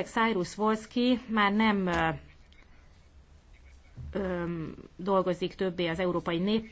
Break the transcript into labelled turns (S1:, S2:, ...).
S1: esetleg Cyrus Wolski már nem ö, dolgozik többé az Európai Nép